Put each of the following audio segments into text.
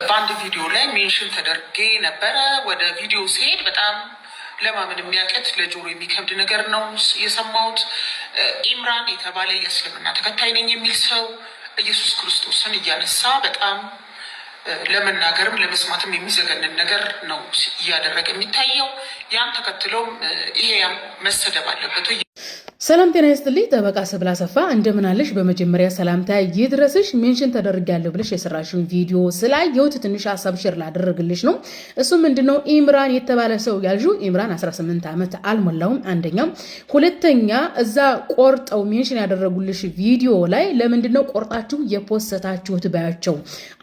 በአንድ ቪዲዮ ላይ ሜንሽን ተደርጌ ነበረ። ወደ ቪዲዮ ሲሄድ በጣም ለማመን የሚያቀት ለጆሮ የሚከብድ ነገር ነው የሰማሁት። ኢምራን የተባለ የእስልምና ተከታይ ነኝ የሚል ሰው ኢየሱስ ክርስቶስን እያነሳ በጣም ለመናገርም ለመስማትም የሚዘገንን ነገር ነው እያደረገ የሚታየው። ያን ተከትሎም ይሄ መሰደብ አለበት። ሰላም ጤና ይስጥልኝ። ጠበቃ ስብላ ሰፋ እንደምናለሽ። በመጀመሪያ ሰላምታ ይድረስሽ። ሜንሽን ተደርጊያለሁ ብለሽ የሰራሽን ቪዲዮ ስላየሁት ትንሽ ሀሳብ ሽር ላደረግልሽ ነው። እሱ ነው ኢምራን የተባለ ሰው ያልሺው ኢምራን 18 ዓመት አልሞላውም። አንደኛ፣ ሁለተኛ እዛ ቆርጠው ሜንሽን ያደረጉልሽ ቪዲዮ ላይ ለምንድነው ቆርጣችሁ የፖሰታችሁት ባያቸው።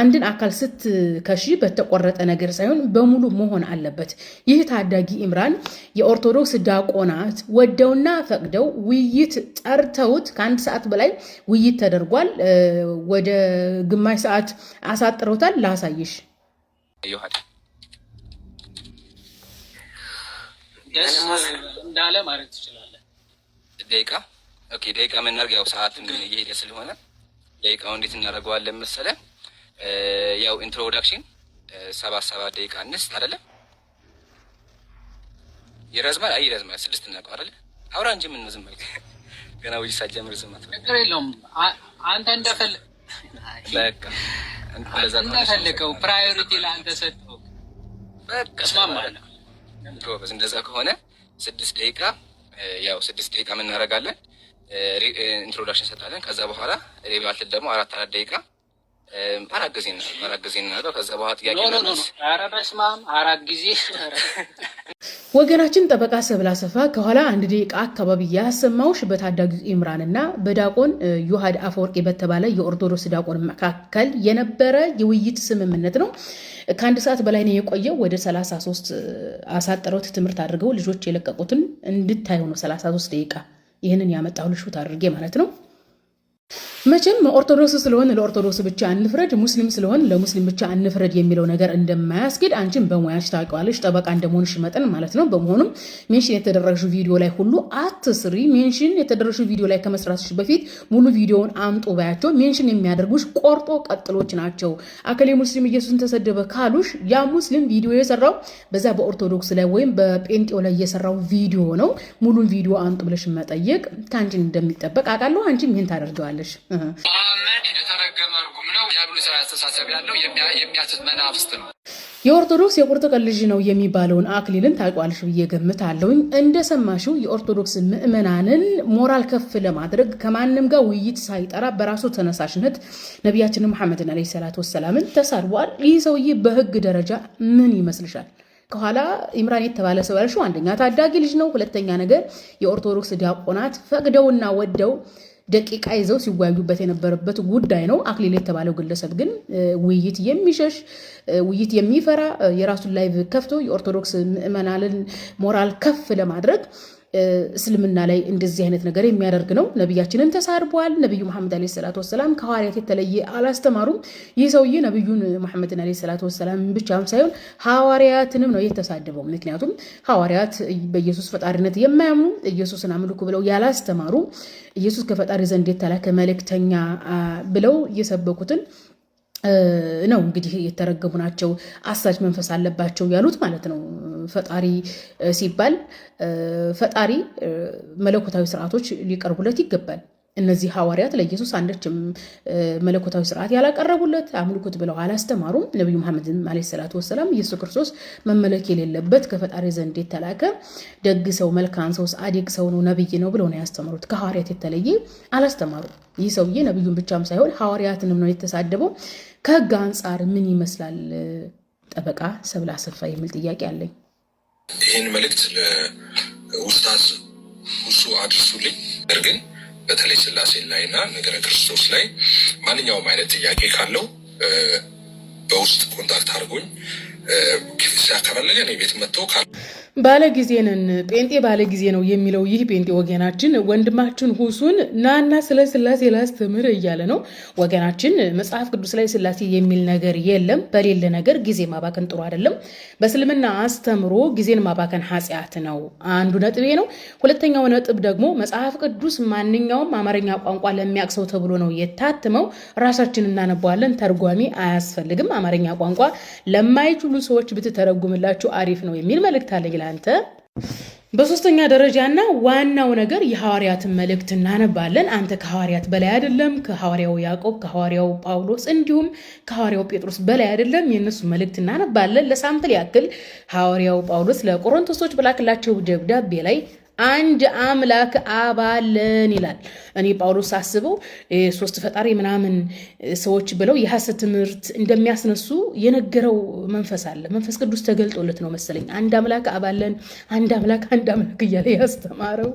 አንድን አካል ስትከሺ በተቆረጠ ነገር ሳይሆን በሙሉ መሆን አለበት። ይህ ታዳጊ ኢምራን የኦርቶዶክስ ዳቆናት ወደውና ፈቅደው ውይይት ጠርተውት ከአንድ ሰዓት በላይ ውይይት ተደርጓል። ወደ ግማሽ ሰዓት አሳጥረውታል። ላሳይሽ እንዳለ ማለት ትችላለህ። ደቂቃ ኦኬ፣ ደቂቃ መናርግ ያው ሰዓት እየሄደ ስለሆነ ደቂቃው እንዴት እናደርገዋለን መሰለ ያው ኢንትሮዳክሽን ሰባት ሰባት ደቂቃ እንስት አይደለም ይረዝማል። አይ ይረዝማል። ስድስት እናውቀው አይደለ አውራ እንጂ ምን ዝም በል። ገና ውይይት ሳትጀምር ዝም አትበል። ችግር የለውም። አንተ እንደፈለገው ፕራዮሪቲ ለአንተ ሰጠው። በቃ እስማማለሁ። ጎበዝ። እንደዛ ከሆነ ስድስት ደቂቃ ያው ስድስት ደቂቃ ምን እናደርጋለን? ኢንትሮዳክሽን እንሰጣለን። ከዛ በኋላ ሪቫልት ደግሞ አራት አራት ደቂቃ አራት ጊዜ አራት ጊዜ እናደርገው። ከዛ በኋላ ጥያቄ አረ በስመ አብ አራት ጊዜ ወገናችን ጠበቃ ሰብለ አሰፋ ከኋላ አንድ ደቂቃ አካባቢ ያሰማውሽ ኢምራን ኢምራንና በዳቆን ዮሐድ አፈወርቂ በተባለ የኦርቶዶክስ ዳቆን መካከል የነበረ የውይይት ስምምነት ነው። ከአንድ ሰዓት በላይ ነው የቆየው። ወደ 33 አሳጥረውት ትምህርት አድርገው ልጆች የለቀቁትን እንድታዩ ነው። 33 ደቂቃ ይህንን ያመጣሁልሽ አድርጌ ማለት ነው። መቼም ኦርቶዶክስ ስለሆን ለኦርቶዶክስ ብቻ አንፍረድ፣ ሙስሊም ስለሆን ለሙስሊም ብቻ እንፍረድ የሚለው ነገር እንደማያስጌድ አንቺም በሙያሽ ታውቂዋለሽ፣ ጠበቃ እንደመሆንሽ መጠን ማለት ነው። በመሆኑም ሜንሽን የተደረግሽው ቪዲዮ ላይ ሁሉ አትስሪ። ሜንሽን የተደረግሽው ቪዲዮ ላይ ከመስራትሽ በፊት ሙሉ ቪዲዮውን አምጡ ባያቸው። ሜንሽን የሚያደርጉሽ ቆርጦ ቀጥሎች ናቸው። አከሌ ሙስሊም ኢየሱስን ተሰደበ ካሉሽ ያ ሙስሊም ቪዲዮ የሰራው በዛ በኦርቶዶክስ ላይ ወይም በጴንጤው ላይ የሰራው ቪዲዮ ነው። ሙሉን ቪዲዮ አምጡ ብለሽ መጠየቅ ከአንቺን እንደሚጠበቅ አውቃለሁ። አንቺም ይህን ታደርገዋለሽ። ማመን የተረገመ እርጉም ነው ያብሉ ስራ አስተሳሰብ ያለው የሚያስት መናፍስት ነው። የኦርቶዶክስ የቁርጥቅል ልጅ ነው የሚባለውን አክሊልን ታውቂዋለሽ ብዬ ገምታለሁኝ። እንደሰማሽው የኦርቶዶክስ ምዕመናንን ሞራል ከፍ ለማድረግ ከማንም ጋር ውይይት ሳይጠራ በራሱ ተነሳሽነት ነቢያችን መሐመድን ዓለይሂ ሰላቱ ወሰላምን ተሳድቧል። ይህ ሰውዬ በህግ ደረጃ ምን ይመስልሻል? ከኋላ ኢምራን የተባለ ሰው ያልሽው አንደኛ ታዳጊ ልጅ ነው፣ ሁለተኛ ነገር የኦርቶዶክስ ዲያቆናት ፈቅደውና ወደው ደቂቃ ይዘው ሲወያዩበት የነበረበት ጉዳይ ነው። አክሊል የተባለው ግለሰብ ግን ውይይት የሚሸሽ ውይይት የሚፈራ የራሱን ላይቭ ከፍቶ የኦርቶዶክስ ምዕመናንን ሞራል ከፍ ለማድረግ እስልምና ላይ እንደዚህ አይነት ነገር የሚያደርግ ነው። ነቢያችንን ተሳድቧል። ነቢዩ መሐመድ ዓለይሂ ሰላቱ ወሰላም ከሐዋርያት የተለየ አላስተማሩም። ይህ ሰውዬ ነቢዩን መሐመድን ዓለይሂ ሰላቱ ወሰላም ብቻም ሳይሆን ሐዋርያትንም ነው የተሳደበው። ምክንያቱም ሐዋርያት በኢየሱስ ፈጣሪነት የማያምኑ ኢየሱስን አምልኩ ብለው ያላስተማሩ ኢየሱስ ከፈጣሪ ዘንድ የተላከ መልእክተኛ ብለው እየሰበኩትን ነው እንግዲህ የተረገሙ ናቸው፣ አሳች መንፈስ አለባቸው ያሉት ማለት ነው። ፈጣሪ ሲባል ፈጣሪ መለኮታዊ ስርዓቶች ሊቀርቡለት ይገባል። እነዚህ ሐዋርያት ለኢየሱስ አንዳችም መለኮታዊ ስርዓት ያላቀረቡለት አምልኩት ብለው አላስተማሩም። ነቢዩ መሐመድን ዓለይሂ ሰላቱ ወሰላም ኢየሱስ ክርስቶስ መመለክ የሌለበት ከፈጣሪ ዘንድ የተላከ ደግ ሰው፣ መልካም ሰው፣ ጻድቅ ሰው ነው፣ ነብይ ነው ብለው ነው ያስተማሩት። ከሐዋርያት የተለየ አላስተማሩም። ይህ ሰውዬ ነቢዩን ብቻም ሳይሆን ሐዋርያትንም ነው የተሳደበው። ከህግ አንጻር ምን ይመስላል ጠበቃ ሰብለ አሰፋ የሚል ጥያቄ አለኝ። ይህን መልእክት ለውስታዝ ሁሱ አድርሱልኝ። ነገር ግን በተለይ ስላሴ ላይ እና ነገረ ክርስቶስ ላይ ማንኛውም አይነት ጥያቄ ካለው በውስጥ ኮንታክት አድርጎኝ ካፈላለገ እኔ ቤት መጥተው ባለ ጴንጤ ባለጊዜ ነው የሚለው ይህ ጴንጤ ወገናችን ወንድማችን ሁሱን ናና ስለ ስላሴ ላስተምር እያለ ነው። ወገናችን መጽሐፍ ቅዱስ ላይ ስላሴ የሚል ነገር የለም። በሌለ ነገር ጊዜ ማባከን ጥሩ አይደለም። በእስልምና አስተምሮ ጊዜን ማባከን ኃጢአት ነው። አንዱ ነጥቤ ነው። ሁለተኛው ነጥብ ደግሞ መጽሐፍ ቅዱስ ማንኛውም አማርኛ ቋንቋ ለሚያቅሰው ተብሎ ነው የታትመው። ራሳችን እናነባዋለን። ተርጓሚ አያስፈልግም። አማርኛ ቋንቋ ለማይችሉ ሰዎች ብትተረጉ ብትተረጉምላችሁ አሪፍ ነው የሚል መልእክት አለኝ ለአንተ። በሶስተኛ ደረጃና ዋናው ነገር የሐዋርያትን መልእክት እናነባለን። አንተ ከሐዋርያት በላይ አይደለም፣ ከሐዋርያው ያዕቆብ፣ ከሐዋርያው ጳውሎስ እንዲሁም ከሐዋርያው ጴጥሮስ በላይ አይደለም። የእነሱ መልእክት እናነባለን። ለሳምፕል ያክል ሐዋርያው ጳውሎስ ለቆሮንቶሶች በላክላቸው ደብዳቤ ላይ አንድ አምላክ አባለን ይላል። እኔ ጳውሎስ አስበው ሶስት ፈጣሪ ምናምን ሰዎች ብለው የሐሰት ትምህርት እንደሚያስነሱ የነገረው መንፈስ አለ። መንፈስ ቅዱስ ተገልጦለት ነው መሰለኝ አንድ አምላክ አባለን፣ አንድ አምላክ አንድ አምላክ እያለ ያስተማረው።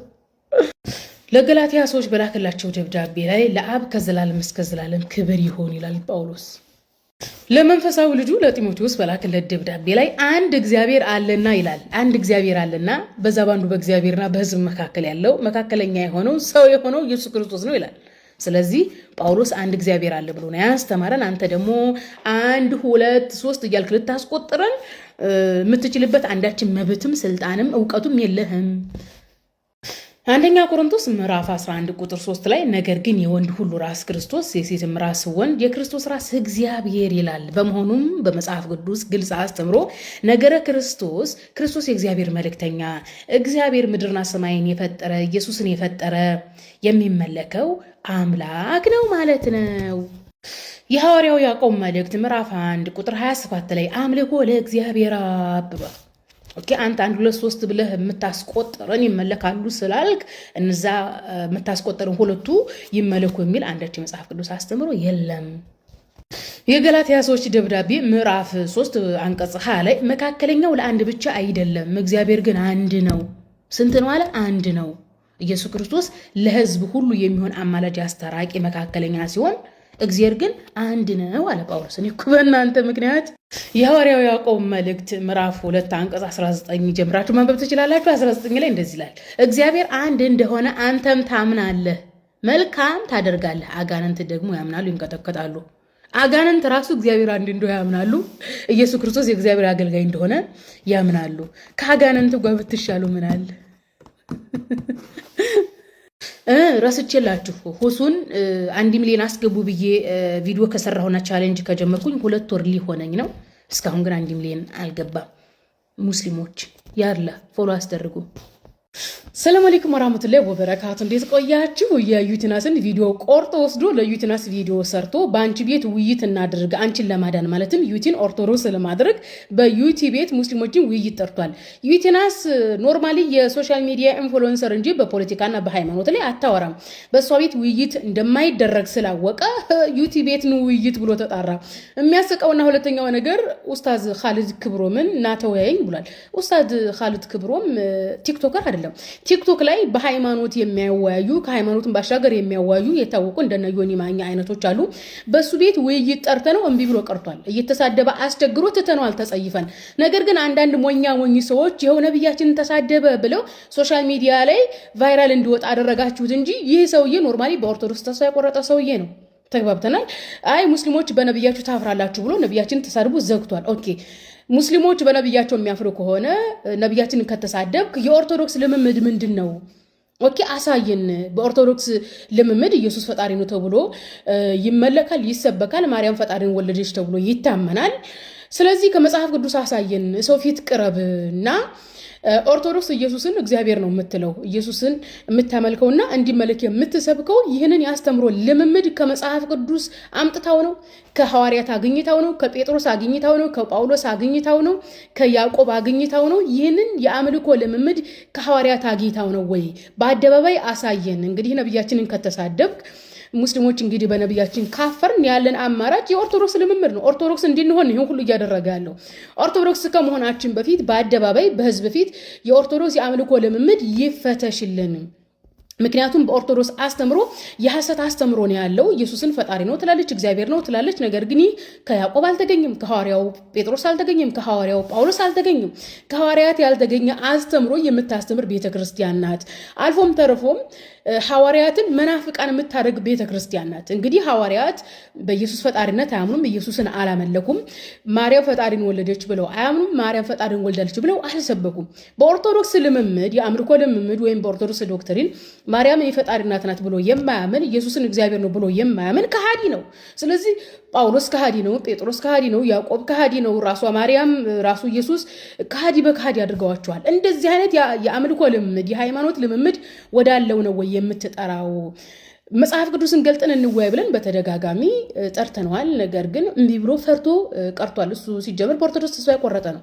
ለገላትያ ሰዎች በላክላቸው ደብዳቤ ላይ ለአብ ከዘላለም እስከ ዘላለም ክብር ይሆን ይላል ጳውሎስ። ለመንፈሳዊ ልጁ ለጢሞቴዎስ በላከለት ደብዳቤ ላይ አንድ እግዚአብሔር አለና ይላል። አንድ እግዚአብሔር አለና በዛ ባንዱ በእግዚአብሔርና በሕዝብ መካከል ያለው መካከለኛ የሆነው ሰው የሆነው ኢየሱስ ክርስቶስ ነው ይላል። ስለዚህ ጳውሎስ አንድ እግዚአብሔር አለ ብሎ ነው ያስተማረን። አንተ ደግሞ አንድ ሁለት ሶስት እያልክ ልታስቆጥረን የምትችልበት አንዳችን መብትም ስልጣንም እውቀቱም የለህም። አንደኛ ቆሮንቶስ ምዕራፍ 11 ቁጥር 3 ላይ ነገር ግን የወንድ ሁሉ ራስ ክርስቶስ የሴትም ራስ ወንድ፣ የክርስቶስ ራስ እግዚአብሔር ይላል። በመሆኑም በመጽሐፍ ቅዱስ ግልጽ አስተምሮ ነገረ ክርስቶስ ክርስቶስ የእግዚአብሔር መልእክተኛ፣ እግዚአብሔር ምድርና ሰማይን የፈጠረ ኢየሱስን የፈጠረ የሚመለከው አምላክ ነው ማለት ነው። የሐዋርያው ያዕቆብ መልእክት ምዕራፍ 1 ቁጥር 27 ላይ አምልኮ ለእግዚአብሔር አብ ኦኬ አንተ አንድ ሁለት ሶስት ብለህ የምታስቆጥረን ይመለካሉ ስላልክ እነዛ የምታስቆጥረን ሁለቱ ይመለኩ የሚል አንዳች የመጽሐፍ ቅዱስ አስተምሮ የለም። የገላትያ ሰዎች ደብዳቤ ምዕራፍ ሶስት አንቀጽ ሀ ላይ መካከለኛው ለአንድ ብቻ አይደለም፣ እግዚአብሔር ግን አንድ ነው። ስንት ነው አለ? አንድ ነው። ኢየሱስ ክርስቶስ ለሕዝብ ሁሉ የሚሆን አማላጅ አስተራቂ መካከለኛ ሲሆን እግዚአብሔር ግን አንድ ነው አለ ጳውሎስ። እኔ እኮ በእናንተ ምክንያት የሐዋርያው ያዕቆብ መልእክት ምዕራፍ ሁለት አንቀጽ 19 ጀምራችሁ ማንበብ ትችላላችሁ። 19 ላይ እንደዚህ ይላል፣ እግዚአብሔር አንድ እንደሆነ አንተም ታምናለህ፣ መልካም ታደርጋለህ። አጋንንት ደግሞ ያምናሉ፣ ይንቀጠቀጣሉ። አጋንንት ራሱ እግዚአብሔር አንድ እንደሆነ ያምናሉ። ኢየሱስ ክርስቶስ የእግዚአብሔር አገልጋይ እንደሆነ ያምናሉ። ከአጋንንት ጋር ብትሻሉ ምናል ረስቼላችሁ ሁሱን አንድ ሚሊዮን አስገቡ ብዬ ቪዲዮ ከሰራሁና ቻሌንጅ ከጀመርኩኝ ሁለት ወር ሊሆነኝ ነው። እስካሁን ግን አንድ ሚሊዮን አልገባም። ሙስሊሞች ያለ ፎሎ አስደርጉ። ሰላም አለይኩም ወራህመቱላሂ ወበረካቱ። እንዴት ቆያችሁ? የዩቲናስን ቪዲዮ ቆርጦ ወስዶ ለዩቲናስ ቪዲዮ ሰርቶ በአንቺ ቤት ውይይት እናድርግ አንቺን ለማዳን ማለትም ዩቲን ኦርቶዶክስ ለማድረግ በዩቲ ቤት ሙስሊሞችን ውይይት ጠርቷል። ዩቲናስ ኖርማሊ የሶሻል ሚዲያ ኢንፍሉዌንሰር እንጂ በፖለቲካና በሃይማኖት ላይ አታወራም። በእሷ ቤት ውይይት እንደማይደረግ ስላወቀ ዩቲ ቤት ውይይት ብሎ ተጣራ። የሚያስቀውና ሁለተኛው ነገር ኡስታዝ ካልድ ክብሮምን ናተወያይኝ ብሏል። ኡስታዝ ካልድ ክብሮም ቲክቶከር አይደለም አይደለም። ቲክቶክ ላይ በሃይማኖት የሚያወያዩ ከሃይማኖትን ባሻገር የሚያወያዩ የታወቁ እንደነ ዮኒ ማኛ አይነቶች አሉ። በሱ ቤት ውይይት ጠርተ ነው እምቢ ብሎ ቀርቷል። እየተሳደበ አስቸግሮ ትተነው አልተጸይፈን። ነገር ግን አንዳንድ ሞኛ ሞኝ ሰዎች ይኸው ነብያችንን ተሳደበ ብለው ሶሻል ሚዲያ ላይ ቫይራል እንዲወጣ አደረጋችሁት እንጂ ይህ ሰውዬ ኖርማሊ በኦርቶዶክስ ተስፋ የቆረጠ ሰውዬ ነው። ተግባብተናል። አይ ሙስሊሞች በነብያችሁ ታፍራላችሁ ብሎ ነብያችን ተሳድቦ ዘግቷል። ኦኬ ሙስሊሞች በነቢያቸው የሚያፍሩ ከሆነ ነብያችንን ከተሳደብክ የኦርቶዶክስ ልምምድ ምንድን ነው? ኦኬ አሳየን። በኦርቶዶክስ ልምምድ ኢየሱስ ፈጣሪ ነው ተብሎ ይመለካል፣ ይሰበካል። ማርያም ፈጣሪን ወለደች ተብሎ ይታመናል። ስለዚህ ከመጽሐፍ ቅዱስ አሳየን፣ ሰው ፊት ቅረብ እና ኦርቶዶክስ ኢየሱስን እግዚአብሔር ነው የምትለው ኢየሱስን የምታመልከውና እንዲመልክ የምትሰብከው ይህንን ያስተምሮ ልምምድ ከመጽሐፍ ቅዱስ አምጥታው ነው፣ ከሐዋርያት አግኝታው ነው፣ ከጴጥሮስ አግኝታው ነው፣ ከጳውሎስ አግኝታው ነው፣ ከያዕቆብ አግኝታው ነው። ይህንን የአምልኮ ልምምድ ከሐዋርያት አግኝታው ነው ወይ? በአደባባይ አሳየን። እንግዲህ ነቢያችንን ከተሳደብክ ሙስሊሞች እንግዲህ በነቢያችን ካፈርን ያለን አማራጭ የኦርቶዶክስ ልምምድ ነው። ኦርቶዶክስ እንድንሆን ይህን ሁሉ እያደረገ ያለው ኦርቶዶክስ ከመሆናችን በፊት በአደባባይ በህዝብ ፊት የኦርቶዶክስ የአምልኮ ልምምድ ይፈተሽልን። ምክንያቱም በኦርቶዶክስ አስተምሮ የሐሰት አስተምሮ ነው ያለው። ኢየሱስን ፈጣሪ ነው ትላለች፣ እግዚአብሔር ነው ትላለች። ነገር ግን ይህ ከያዕቆብ አልተገኘም፣ ከሐዋርያው ጴጥሮስ አልተገኘም፣ ከሐዋርያው ጳውሎስ አልተገኘም። ከሐዋርያት ያልተገኘ አስተምሮ የምታስተምር ቤተ ክርስቲያን ናት። አልፎም ተርፎም ሐዋርያትን መናፍቃን የምታደርግ ቤተ ክርስቲያን ናት። እንግዲህ ሐዋርያት በኢየሱስ ፈጣሪነት አያምኑም፣ ኢየሱስን አላመለኩም። ማርያም ፈጣሪን ወለደች ብለው አያምኑም፣ ማርያም ፈጣሪን ወልዳለች ብለው አልሰበኩም። በኦርቶዶክስ ልምምድ፣ የአምልኮ ልምምድ ወይም በኦርቶዶክስ ዶክትሪን ማርያም የፈጣሪ እናት ናት ብሎ የማያምን ኢየሱስን እግዚአብሔር ነው ብሎ የማያምን ከሃዲ ነው። ስለዚህ ጳውሎስ ከሃዲ ነው፣ ጴጥሮስ ከሃዲ ነው፣ ያዕቆብ ከሃዲ ነው፣ ራሷ ማርያም ራሱ ኢየሱስ ከሃዲ በከሃዲ አድርገዋቸዋል። እንደዚህ አይነት የአምልኮ ልምምድ የሃይማኖት ልምምድ ወዳለው ነው ወይ የምትጠራው? መጽሐፍ ቅዱስን ገልጠን እንወያይ ብለን በተደጋጋሚ ጠርተነዋል። ነገር ግን እንዲህ ብሎ ፈርቶ ቀርቷል። እሱ ሲጀምር በኦርቶዶክስ ተስፋ የቆረጠ ነው።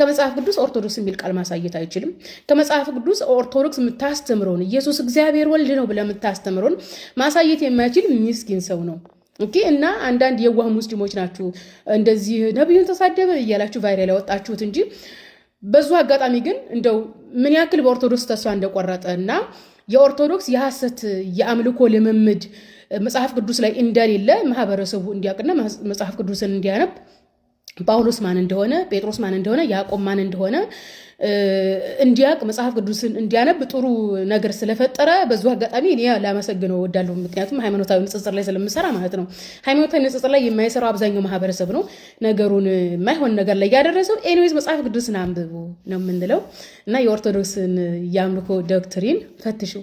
ከመጽሐፍ ቅዱስ ኦርቶዶክስ የሚል ቃል ማሳየት አይችልም። ከመጽሐፍ ቅዱስ ኦርቶዶክስ የምታስተምረውን ኢየሱስ እግዚአብሔር ወልድ ነው ብለህ የምታስተምረውን ማሳየት የማይችል ሚስኪን ሰው ነው። ኦኬ እና አንዳንድ የዋህ ሙስሊሞች ናችሁ እንደዚህ ነቢዩን ተሳደበ እያላችሁ ቫይራል ያወጣችሁት እንጂ በዙ አጋጣሚ ግን እንደው ምን ያክል በኦርቶዶክስ ተስፋ እንደቆረጠ እና የኦርቶዶክስ የሐሰት የአምልኮ ልምምድ መጽሐፍ ቅዱስ ላይ እንደሌለ ማህበረሰቡ እንዲያውቅና መጽሐፍ ቅዱስን እንዲያነብ ጳውሎስ ማን እንደሆነ ጴጥሮስ ማን እንደሆነ ያዕቆብ ማን እንደሆነ እንዲያቅ መጽሐፍ ቅዱስን እንዲያነብ ጥሩ ነገር ስለፈጠረ በዚሁ አጋጣሚ እኔ ላመሰግነው እወዳለሁ። ምክንያቱም ሃይማኖታዊ ንጽጽር ላይ ስለምሰራ ማለት ነው። ሃይማኖታዊ ንጽጽር ላይ የማይሰራው አብዛኛው ማህበረሰብ ነው ነገሩን የማይሆን ነገር ላይ ያደረሰው። ኤኒዌይዝ መጽሐፍ ቅዱስን አንብቡ ነው የምንለው እና የኦርቶዶክስን የአምልኮ ዶክትሪን ፈትሹ።